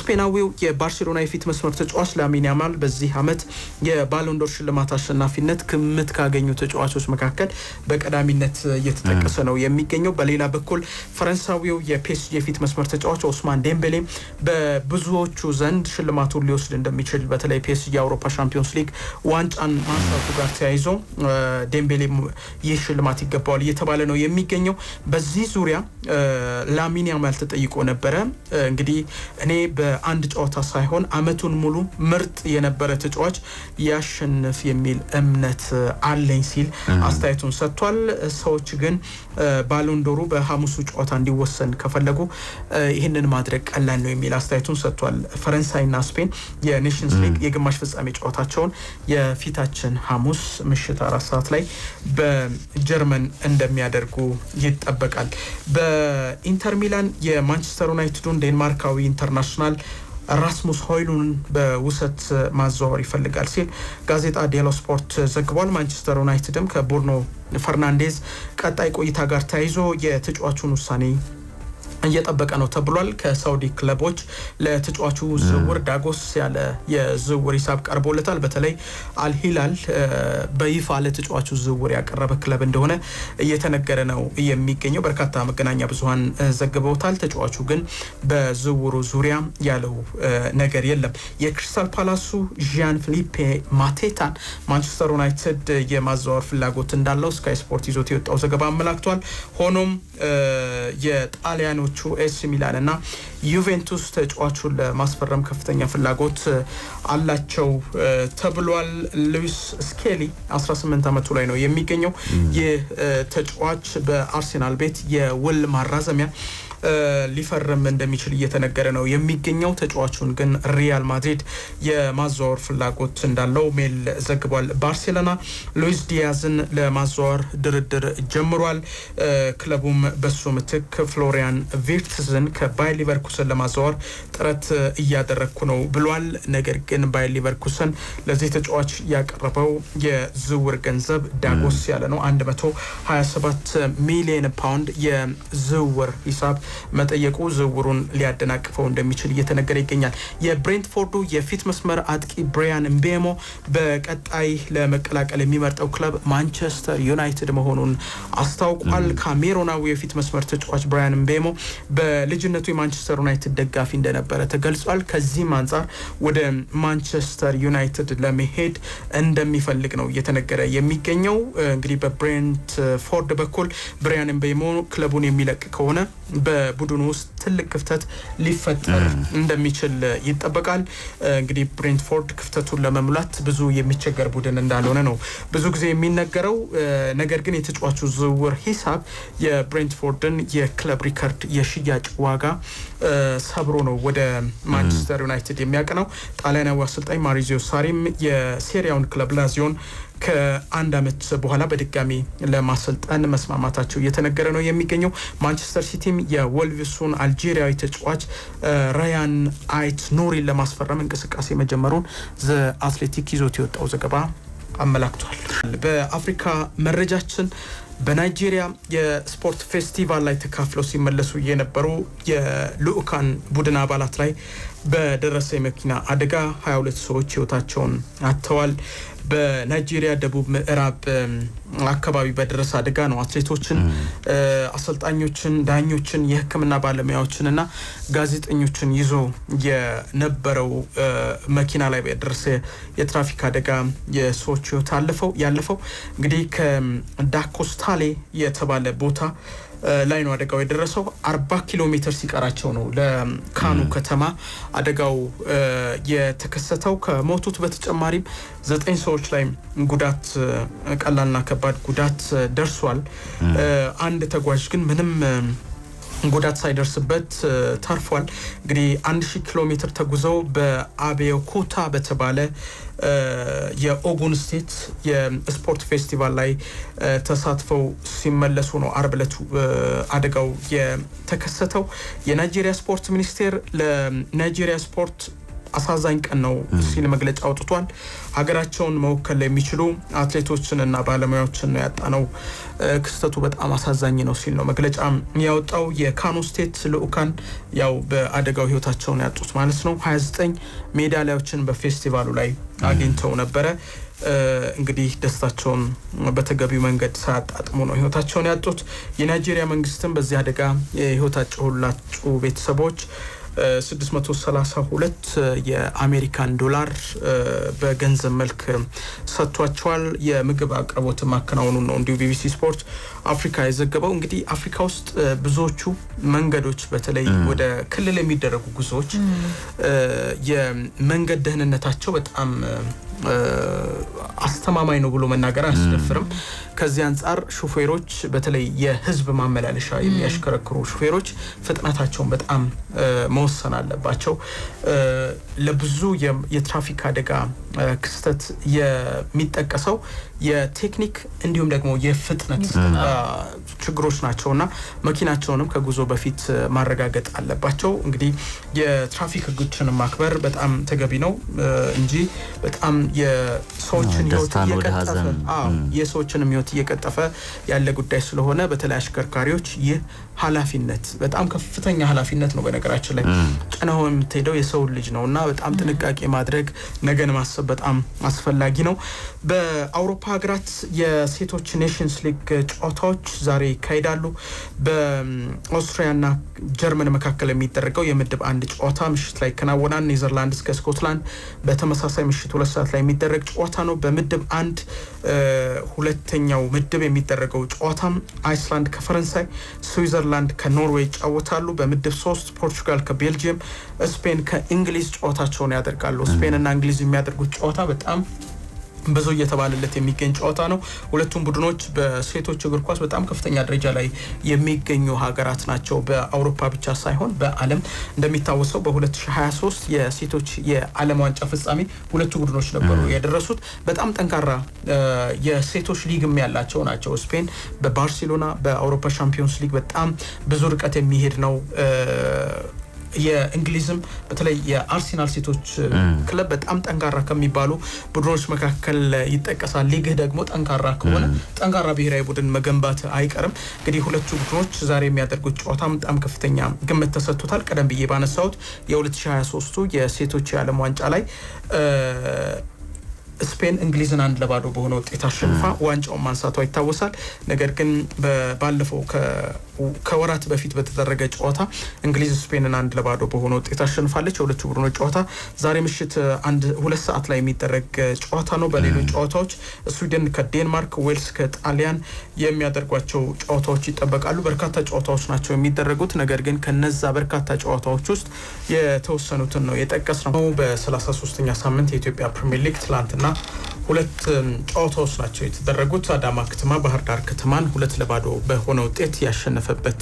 ስፔናዊው የባርሴሎና የፊት መስመር ተጫዋች ላሚን ያማል በዚህ ዓመት የባሎንዶር ሽልማት አሸናፊነት ክምት ካገኙ ተጫዋቾች መካከል በቀዳሚነት እየተጠቀሰ ነው የሚገኘው። በሌላ በኩል ፈረንሳዊው የፔስጂ የፊት መስመር ተጫዋች ኦስማን ዴምቤሌ በብዙዎቹ ዘንድ ሽልማቱን ሊወስድ እንደሚችል በተለይ ፔስጂ የአውሮፓ ሻምፒዮንስ ሊግ ዋንጫን ማንሳቱ ጋር ተያይዞ ዴምቤሌ ይህ ሽልማት ይገባዋል እየተባለ ነው የሚገኘው። በዚህ ዙሪያ ላሚን ያማል ተጠይቆ ነበረ እንግዲህ እኔ በአንድ ጨዋታ ሳይሆን አመቱን ሙሉ ምርጥ የነበረ ተጫዋች ያሸንፍ የሚል እምነት አለኝ ሲል አስተያየቱን ሰጥቷል። ሰዎች ግን ባሎንዶሩ በሐሙሱ ጨዋታ እንዲወሰን ከፈለጉ ይህንን ማድረግ ቀላል ነው የሚል አስተያየቱን ሰጥቷል። ፈረንሳይና ስፔን የኔሽንስ ሊግ የግማሽ ፍጻሜ ጨዋታቸውን የፊታችን ሐሙስ ምሽት አራት ሰዓት ላይ በጀርመን እንደሚያደርጉ ይጠበቃል። በኢንተር ሚላን የማንቸስተር ዩናይትዱን ዴንማርካዊ ኢንተርናሽናል አርሰናል ራስሙስ ሆይሉን በውሰት ማዘዋወር ይፈልጋል ሲል ጋዜጣ ዴሎ ስፖርት ዘግቧል። ማንቸስተር ዩናይትድም ከቡርኖ ፈርናንዴዝ ቀጣይ ቆይታ ጋር ተያይዞ የተጫዋቹን ውሳኔ እየጠበቀ ነው ተብሏል። ከሳውዲ ክለቦች ለተጫዋቹ ዝውውር ዳጎስ ያለ የዝውውር ሂሳብ ቀርቦለታል። በተለይ አልሂላል በይፋ ለተጫዋቹ ዝውውር ያቀረበ ክለብ እንደሆነ እየተነገረ ነው የሚገኘው። በርካታ መገናኛ ብዙኃን ዘግበውታል። ተጫዋቹ ግን በዝውውሩ ዙሪያ ያለው ነገር የለም። የክሪስታል ፓላሱ ዣን ፊሊፔ ማቴታን ማንቸስተር ዩናይትድ የማዘዋወር ፍላጎት እንዳለው ስካይ ስፖርት ይዞት የወጣው ዘገባ አመላክቷል። ሆኖም የጣሊያኖች የሆነችው ኤሲ ሚላን እና ዩቬንቱስ ተጫዋቹን ለማስፈረም ከፍተኛ ፍላጎት አላቸው ተብሏል። ሉዊስ ስኬሊ 18 ዓመቱ ላይ ነው የሚገኘው። ይህ ተጫዋች በአርሴናል ቤት የውል ማራዘሚያ ሊፈርም እንደሚችል እየተነገረ ነው የሚገኘው። ተጫዋቹን ግን ሪያል ማድሪድ የማዘዋወር ፍላጎት እንዳለው ሜል ዘግቧል። ባርሴሎና ሉዊስ ዲያዝን ለማዘዋወር ድርድር ጀምሯል። ክለቡም በሱ ምትክ ፍሎሪያን ቪርትዝን ከባይ ሊቨርኩሰን ለማዘዋወር ጥረት እያደረግኩ ነው ብሏል። ነገር ግን ባይ ሊቨርኩሰን ለዚህ ተጫዋች ያቀረበው የዝውውር ገንዘብ ዳጎስ ያለ ነው 127 ሚሊዮን ፓውንድ የዝውውር ሂሳብ መጠየቁ ዝውውሩን ሊያደናቅፈው እንደሚችል እየተነገረ ይገኛል። የብሬንትፎርዱ የፊት መስመር አጥቂ ብሪያን ምቤሞ በቀጣይ ለመቀላቀል የሚመርጠው ክለብ ማንቸስተር ዩናይትድ መሆኑን አስታውቋል። ካሜሮናዊ የፊት መስመር ተጫዋች ብሪያን ምቤሞ በልጅነቱ የማንቸስተር ዩናይትድ ደጋፊ እንደነበረ ተገልጿል። ከዚህም አንጻር ወደ ማንቸስተር ዩናይትድ ለመሄድ እንደሚፈልግ ነው እየተነገረ የሚገኘው። እንግዲህ በብሬንት ፎርድ በኩል ብሪያን ምቤሞ ክለቡን የሚለቅ ከሆነ በ በቡድኑ ውስጥ ትልቅ ክፍተት ሊፈጠር እንደሚችል ይጠበቃል። እንግዲህ ብሬንትፎርድ ክፍተቱን ለመሙላት ብዙ የሚቸገር ቡድን እንዳልሆነ ነው ብዙ ጊዜ የሚነገረው። ነገር ግን የተጫዋቹ ዝውውር ሂሳብ የብሬንትፎርድን የክለብ ሪከርድ የሽያጭ ዋጋ ሰብሮ ነው ወደ ማንቸስተር ዩናይትድ ነው። ጣሊያናዊ አሰልጣኝ ማሪዚዮ ሳሪም የሴሪያውን ክለብ ላዚዮን ከአንድ አመት በኋላ በድጋሚ ለማሰልጠን መስማማታቸው እየተነገረ ነው የሚገኘው። ማንቸስተር ሲቲም የወልቭሱን አልጄሪያዊ ተጫዋች ራያን አይት ኖሪን ለማስፈረም እንቅስቃሴ መጀመሩን ዘ አትሌቲክ ይዞት የወጣው ዘገባ አመላክቷል። በአፍሪካ መረጃችን በናይጄሪያ የስፖርት ፌስቲቫል ላይ ተካፍለው ሲመለሱ የነበሩ የልኡካን ቡድን አባላት ላይ በደረሰ የመኪና አደጋ 22 ሰዎች ህይወታቸውን አጥተዋል። በናይጄሪያ ደቡብ ምዕራብ አካባቢ በደረሰ አደጋ ነው አትሌቶችን፣ አሰልጣኞችን፣ ዳኞችን፣ የሕክምና ባለሙያዎችን እና ጋዜጠኞችን ይዞ የነበረው መኪና ላይ በደረሰ የትራፊክ አደጋ የሰዎች ሕይወት ያለፈው እንግዲህ ከዳኮስታሌ የተባለ ቦታ ላይ ነው አደጋው የደረሰው። አርባ ኪሎ ሜትር ሲቀራቸው ነው ለካኑ ከተማ አደጋው የተከሰተው። ከሞቱት በተጨማሪም ዘጠኝ ሰዎች ላይ ጉዳት ቀላልና ከባድ ጉዳት ደርሷል። አንድ ተጓዥ ግን ምንም ጉዳት ሳይደርስበት ተርፏል። እንግዲህ አንድ ሺህ ኪሎ ሜትር ተጉዘው በአቤኮታ በተባለ የኦጉን ስቴት የስፖርት ፌስቲቫል ላይ ተሳትፈው ሲመለሱ ነው አርብ ዕለት አደጋው የተከሰተው። የናይጄሪያ ስፖርት ሚኒስቴር ለናይጄሪያ ስፖርት አሳዛኝ ቀን ነው ሲል መግለጫ አውጥቷል። ሀገራቸውን መወከል የሚችሉ አትሌቶችንና ባለሙያዎችን ነው ያጣነው። ክስተቱ በጣም አሳዛኝ ነው ሲል ነው መግለጫ ያወጣው። የካኖ ስቴት ልዑካን ያው በአደጋው ህይወታቸውን ያጡት ማለት ነው 29 ሜዳሊያዎችን በፌስቲቫሉ ላይ አግኝተው ነበረ። እንግዲህ ደስታቸውን በተገቢው መንገድ ሳያጣጥሙ ነው ህይወታቸውን ያጡት። የናይጄሪያ መንግስትም በዚህ አደጋ ህይወታቸው ሁላችሁ ቤተሰቦች 632 የአሜሪካን ዶላር በገንዘብ መልክ ሰጥቷቸዋል። የምግብ አቅርቦት ማከናወኑን ነው እንዲሁ ቢቢሲ ስፖርት አፍሪካ የዘገበው እንግዲህ አፍሪካ ውስጥ ብዙዎቹ መንገዶች በተለይ ወደ ክልል የሚደረጉ ጉዞዎች የመንገድ ደህንነታቸው በጣም አስተማማኝ ነው ብሎ መናገር አያስደፍርም። ከዚህ አንጻር ሹፌሮች በተለይ የህዝብ ማመላለሻ የሚያሽከረክሩ ሹፌሮች ፍጥነታቸውን በጣም መወሰን አለባቸው። ለብዙ የትራፊክ አደጋ ክስተት የሚጠቀሰው የቴክኒክ እንዲሁም ደግሞ የፍጥነት ችግሮች ናቸውና መኪናቸውንም ከጉዞ በፊት ማረጋገጥ አለባቸው። እንግዲህ የትራፊክ ሕጎችን ማክበር በጣም ተገቢ ነው እንጂ በጣም የሰዎችን ሕይወት እየቀጠፈ የሰዎችንም እየቀጠፈ ያለ ጉዳይ ስለሆነ በተለይ አሽከርካሪዎች ይህ ኃላፊነት በጣም ከፍተኛ ኃላፊነት ነው። በነገራችን ላይ ጭነው የምትሄደው የሰው ልጅ ነው እና በጣም ጥንቃቄ ማድረግ ነገን ማሰብ በጣም አስፈላጊ ነው። በአውሮፓ ሀገራት የሴቶች ኔሽንስ ሊግ ጨዋታዎች ዛሬ ይካሄዳሉ። በኦስትሪያና ጀርመን መካከል የሚደረገው የምድብ አንድ ጨዋታ ምሽት ላይ ይከናወናል። ኔዘርላንድስ ከስኮትላንድ በተመሳሳይ ምሽት ሁለት ሰዓት ላይ የሚደረግ ጨዋታ ነው። በምድብ አንድ ሁለተኛው ምድብ የሚደረገው ጨዋታም አይስላንድ ከፈረንሳይ ስዊዘር ኔዘርላንድ ከኖርዌይ ይጫወታሉ። በምድብ ሶስት ፖርቹጋል ከቤልጅየም፣ ስፔን ከእንግሊዝ ጨዋታቸውን ያደርጋሉ። ስፔንና እንግሊዝ የሚያደርጉት ጨዋታ በጣም ብዙ እየተባለለት የሚገኝ ጨዋታ ነው። ሁለቱም ቡድኖች በሴቶች እግር ኳስ በጣም ከፍተኛ ደረጃ ላይ የሚገኙ ሀገራት ናቸው። በአውሮፓ ብቻ ሳይሆን በዓለም እንደሚታወሰው በ2023 የሴቶች የዓለም ዋንጫ ፍጻሜ ሁለቱ ቡድኖች ነበሩ የደረሱት። በጣም ጠንካራ የሴቶች ሊግም ያላቸው ናቸው። ስፔን በባርሴሎና በአውሮፓ ሻምፒዮንስ ሊግ በጣም ብዙ ርቀት የሚሄድ ነው። የእንግሊዝም በተለይ የአርሴናል ሴቶች ክለብ በጣም ጠንካራ ከሚባሉ ቡድኖች መካከል ይጠቀሳል። ሊግህ ደግሞ ጠንካራ ከሆነ ጠንካራ ብሔራዊ ቡድን መገንባት አይቀርም። እንግዲህ ሁለቱ ቡድኖች ዛሬ የሚያደርጉት ጨዋታ በጣም ከፍተኛ ግምት ተሰጥቶታል። ቀደም ብዬ ባነሳሁት የ2023ቱ የሴቶች የዓለም ዋንጫ ላይ ስፔን እንግሊዝን አንድ ለባዶ በሆነ ውጤት አሸንፋ ዋንጫውን ማንሳቷ ይታወሳል። ነገር ግን ባለፈው ከወራት በፊት በተደረገ ጨዋታ እንግሊዝ ስፔንን አንድ ለባዶ በሆነ ውጤት አሸንፋለች። የሁለቱ ቡድኖች ጨዋታ ዛሬ ምሽት አንድ ሁለት ሰዓት ላይ የሚደረግ ጨዋታ ነው። በሌሎች ጨዋታዎች ስዊድን ከዴንማርክ፣ ዌልስ ከጣሊያን የሚያደርጓቸው ጨዋታዎች ይጠበቃሉ። በርካታ ጨዋታዎች ናቸው የሚደረጉት። ነገር ግን ከነዛ በርካታ ጨዋታዎች ውስጥ የተወሰኑትን ነው የጠቀስ ነው። በ33ኛ ሳምንት የኢትዮጵያ ፕሪሚየር ሊግ ትላንትና እና ሁለት ጨዋታዎች ናቸው የተደረጉት። አዳማ ከተማ ባህር ዳር ከተማን ሁለት ለባዶ በሆነ ውጤት ያሸነፈበት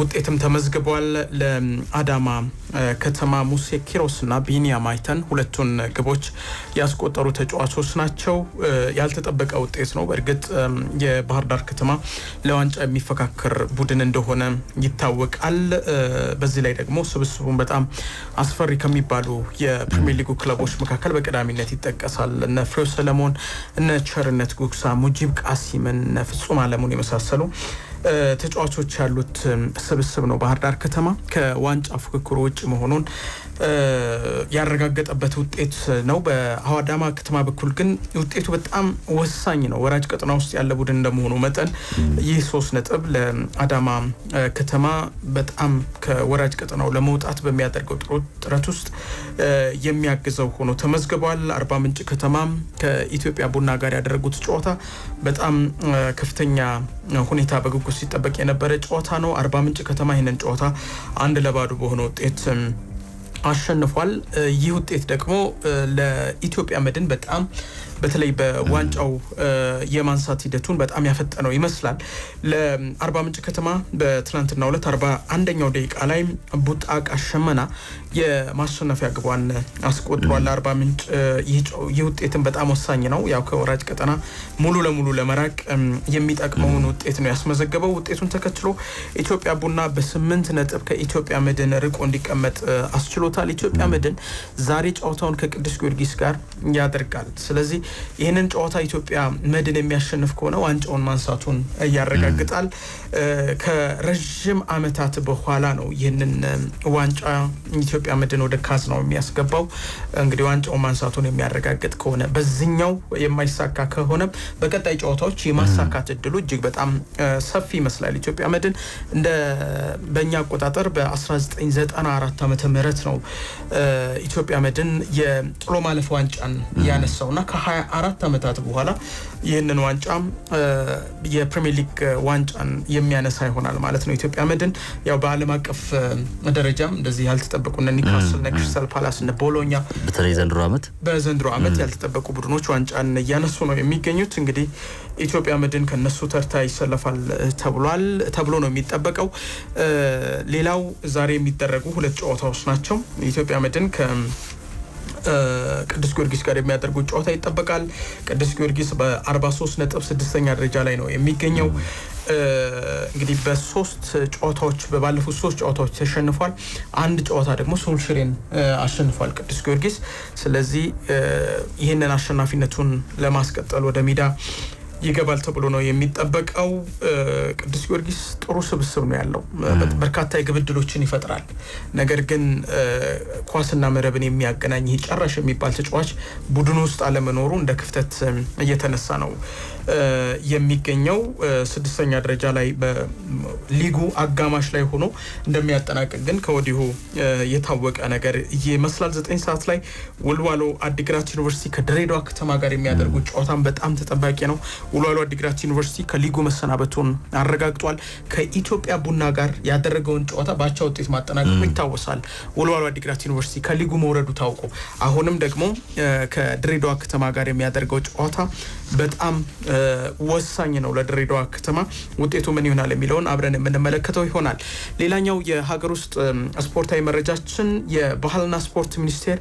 ውጤትም ተመዝግቧል። ለአዳማ ከተማ ሙሴ ኪሮስና ቢኒያ ማይተን ሁለቱን ግቦች ያስቆጠሩ ተጫዋቾች ናቸው። ያልተጠበቀ ውጤት ነው። በእርግጥ የባህር ዳር ከተማ ለዋንጫ የሚፈካከር ቡድን እንደሆነ ይታወቃል። በዚህ ላይ ደግሞ ስብስቡን በጣም አስፈሪ ከሚባሉ የፕሪሚየር ሊጉ ክለቦች መካከል በቀዳሚነት ይጠቀሳል። እነ ፍሬው ሰለሞን፣ እነ ቸርነት ጉግሳ፣ ሙጂብ ቃሲምን፣ እነ ፍጹም አለሙን የመሳሰሉ ተጫዋቾች ያሉት ስብስብ ነው ባህር ዳር ከተማ ከዋንጫ ፉክክሩ ውጭ መሆኑን ያረጋገጠበት ውጤት ነው። በአዳማ ከተማ በኩል ግን ውጤቱ በጣም ወሳኝ ነው። ወራጅ ቀጠና ውስጥ ያለ ቡድን እንደመሆኑ መጠን ይህ ሶስት ነጥብ ለአዳማ ከተማ በጣም ከወራጅ ቀጠናው ለመውጣት በሚያደርገው ጥረት ውስጥ የሚያግዘው ሆኖ ተመዝግቧል። አርባ ምንጭ ከተማ ከኢትዮጵያ ቡና ጋር ያደረጉት ጨዋታ በጣም ከፍተኛ ሁኔታ በጉጉ ሲጠበቅ የነበረ ጨዋታ ነው። አርባ ምንጭ ከተማ ይህንን ጨዋታ አንድ ለባዶ በሆነ ውጤት አሸንፏል። ይህ ውጤት ደግሞ ለኢትዮጵያ መድን በጣም በተለይ በዋንጫው የማንሳት ሂደቱን በጣም ያፈጠነው ይመስላል። ለአርባ ምንጭ ከተማ በትናንትናው ዕለት አርባ አንደኛው ደቂቃ ላይ ቡጣቅ አሸመና የማሸነፊያ ግቧን አስቆጥሯል። ለአርባ ምንጭ ይህ ውጤትን በጣም ወሳኝ ነው። ያው ከወራጅ ቀጠና ሙሉ ለሙሉ ለመራቅ የሚጠቅመውን ውጤት ነው ያስመዘገበው። ውጤቱን ተከትሎ ኢትዮጵያ ቡና በስምንት ነጥብ ከኢትዮጵያ መድን ርቆ እንዲቀመጥ አስችሎ ብለውታል። ኢትዮጵያ መድን ዛሬ ጨዋታውን ከቅዱስ ጊዮርጊስ ጋር ያደርጋል። ስለዚህ ይህንን ጨዋታ ኢትዮጵያ መድን የሚያሸንፍ ከሆነ ዋንጫውን ማንሳቱን ያረጋግጣል። ከረዥም አመታት በኋላ ነው ይህንን ዋንጫ ኢትዮጵያ መድን ወደ ካዝ ነው የሚያስገባው። እንግዲህ ዋንጫውን ማንሳቱን የሚያረጋግጥ ከሆነ በዚኛው የማይሳካ ከሆነ በቀጣይ ጨዋታዎች የማሳካት እድሉ እጅግ በጣም ሰፊ ይመስላል። ኢትዮጵያ መድን እንደ በእኛ አቆጣጠር በ1994 ዓ ምት ነው ኢትዮጵያ መድን የጥሎ ማለፍ ዋንጫን ያነሳውና ከ24 ዓመታት በኋላ ይህንን ዋንጫም የፕሪሚየር ሊግ ዋንጫን የሚያነሳ ይሆናል ማለት ነው። ኢትዮጵያ መድን ያው በዓለም አቀፍ ደረጃም እንደዚህ ያልተጠበቁ እነ ኒካስል፣ እነ ክሪስታል ፓላስ፣ እነ ቦሎኛ በተለይ ዘንድሮ ዓመት በዘንድሮ ዓመት ያልተጠበቁ ቡድኖች ዋንጫን እያነሱ ነው የሚገኙት። እንግዲህ ኢትዮጵያ መድን ከነሱ ተርታ ይሰለፋል ተብሏል ተብሎ ነው የሚጠበቀው። ሌላው ዛሬ የሚደረጉ ሁለት ጨዋታዎች ናቸው። ኢትዮጵያ መድን ከ ቅዱስ ጊዮርጊስ ጋር የሚያደርጉት ጨዋታ ይጠበቃል። ቅዱስ ጊዮርጊስ በ43 ነጥብ ስድስተኛ ደረጃ ላይ ነው የሚገኘው። እንግዲህ በሶስት ጨዋታዎች በባለፉት ሶስት ጨዋታዎች ተሸንፏል። አንድ ጨዋታ ደግሞ ሶልሽሬን አሸንፏል ቅዱስ ጊዮርጊስ። ስለዚህ ይህንን አሸናፊነቱን ለማስቀጠል ወደ ሜዳ ይገባል ተብሎ ነው የሚጠበቀው። ቅዱስ ጊዮርጊስ ጥሩ ስብስብ ነው ያለው። በርካታ የግብ ዕድሎችን ይፈጥራል። ነገር ግን ኳስና መረብን የሚያገናኝ ጨራሽ የሚባል ተጫዋች ቡድን ውስጥ አለመኖሩ እንደ ክፍተት እየተነሳ ነው። የሚገኘው ስድስተኛ ደረጃ ላይ በሊጉ አጋማሽ ላይ ሆኖ እንደሚያጠናቅቅ ግን ከወዲሁ የታወቀ ነገር ይመስላል። ዘጠኝ ሰዓት ላይ ወልዋሎ አዲግራት ዩኒቨርሲቲ ከድሬዳዋ ከተማ ጋር የሚያደርጉት ጨዋታን በጣም ተጠባቂ ነው። ወልዋሎ አዲግራት ዩኒቨርሲቲ ከሊጉ መሰናበቱን አረጋግጧል። ከኢትዮጵያ ቡና ጋር ያደረገውን ጨዋታ በአቻ ውጤት ማጠናቀቁ ይታወሳል። ወልዋሎ አዲግራት ዩኒቨርሲቲ ከሊጉ መውረዱ ታውቆ አሁንም ደግሞ ከድሬዳዋ ከተማ ጋር የሚያደርገው ጨዋታ በጣም ወሳኝ ነው ለድሬዳዋ ከተማ። ውጤቱ ምን ይሆናል የሚለውን አብረን የምንመለከተው ይሆናል። ሌላኛው የሀገር ውስጥ ስፖርታዊ መረጃችን የባህልና ስፖርት ሚኒስቴር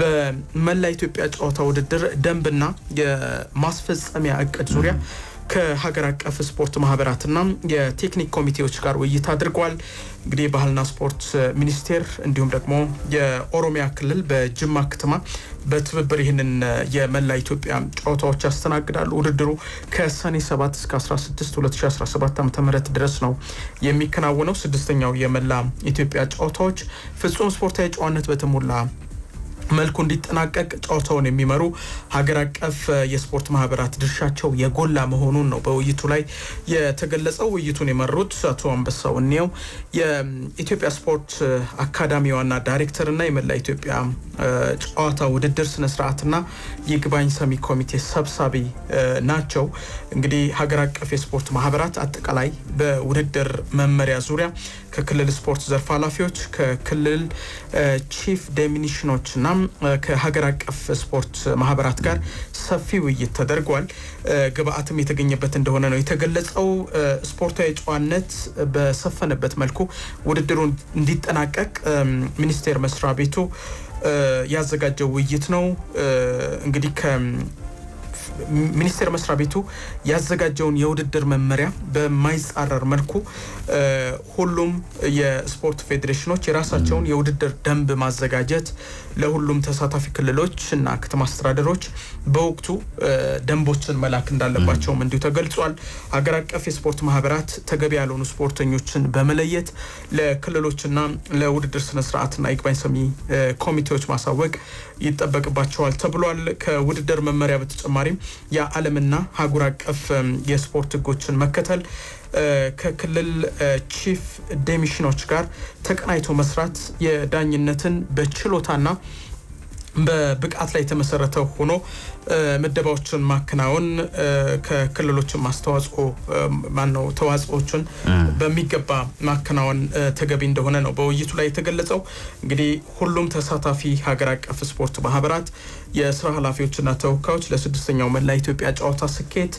በመላ ኢትዮጵያ ጨዋታ ውድድር ደንብና የማስፈጸሚያ እቅድ ዙሪያ ከሀገር አቀፍ ስፖርት ማህበራትና የቴክኒክ ኮሚቴዎች ጋር ውይይት አድርጓል። እንግዲህ ባህልና ስፖርት ሚኒስቴር እንዲሁም ደግሞ የኦሮሚያ ክልል በጅማ ከተማ በትብብር ይህንን የመላ ኢትዮጵያ ጨዋታዎች ያስተናግዳሉ። ውድድሩ ከሰኔ 7 እስከ 16 2017 ዓ ም ድረስ ነው የሚከናወነው። ስድስተኛው የመላ ኢትዮጵያ ጨዋታዎች ፍጹም ስፖርታዊ ጨዋነት በተሞላ መልኩ እንዲጠናቀቅ ጨዋታውን የሚመሩ ሀገር አቀፍ የስፖርት ማህበራት ድርሻቸው የጎላ መሆኑን ነው በውይይቱ ላይ የተገለጸው። ውይይቱን የመሩት አቶ አንበሳው እኔው የኢትዮጵያ ስፖርት አካዳሚ ዋና ዳይሬክተርና የመላ ኢትዮጵያ ጨዋታ ውድድር ስነስርዓትና ይግባኝ ሰሚ ኮሚቴ ሰብሳቢ ናቸው። እንግዲህ ሀገር አቀፍ የስፖርት ማህበራት አጠቃላይ በውድድር መመሪያ ዙሪያ ከክልል ስፖርት ዘርፍ ኃላፊዎች፣ ከክልል ቺፍ ዴሚኒሽኖችና ከሀገር አቀፍ ስፖርት ማህበራት ጋር ሰፊ ውይይት ተደርጓል። ግብአትም የተገኘበት እንደሆነ ነው የተገለጸው። ስፖርታዊ ጨዋነት በሰፈነበት መልኩ ውድድሩ እንዲጠናቀቅ ሚኒስቴር መስሪያ ቤቱ ያዘጋጀው ውይይት ነው እንግዲህ ሚኒስቴር መስሪያ ቤቱ ያዘጋጀውን የውድድር መመሪያ በማይጻረር መልኩ ሁሉም የስፖርት ፌዴሬሽኖች የራሳቸውን የውድድር ደንብ ማዘጋጀት ለሁሉም ተሳታፊ ክልሎች እና ከተማ አስተዳደሮች በወቅቱ ደንቦችን መላክ እንዳለባቸውም እንዲሁ ተገልጿል። ሀገር አቀፍ የስፖርት ማህበራት ተገቢ ያልሆኑ ስፖርተኞችን በመለየት ለክልሎችና ለውድድር ስነስርዓትና ይግባኝ ሰሚ ኮሚቴዎች ማሳወቅ ይጠበቅባቸዋል ተብሏል። ከውድድር መመሪያ በተጨማሪም የዓለምና ሀጉር አቀፍ የስፖርት ህጎችን መከተል ከክልል ቺፍ ዴሚሽኖች ጋር ተቀናይቶ መስራት የዳኝነትን በችሎታና በብቃት ላይ የተመሰረተ ሆኖ ምደባዎችን ማከናወን ከክልሎችን ማስተዋጽኦ ማነው ተዋጽኦችን በሚገባ ማከናወን ተገቢ እንደሆነ ነው በውይይቱ ላይ የተገለጸው። እንግዲህ ሁሉም ተሳታፊ ሀገር አቀፍ ስፖርት ማህበራት የስራ ኃላፊዎችና ተወካዮች ለስድስተኛው መላ ኢትዮጵያ ጨዋታ ስኬት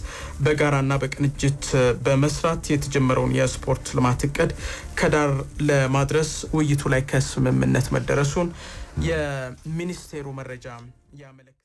በጋራና በቅንጅት በመስራት የተጀመረውን የስፖርት ልማት እቅድ ከዳር ለማድረስ ውይይቱ ላይ ከስምምነት መደረሱን የሚኒስቴሩ መረጃ ያመለክ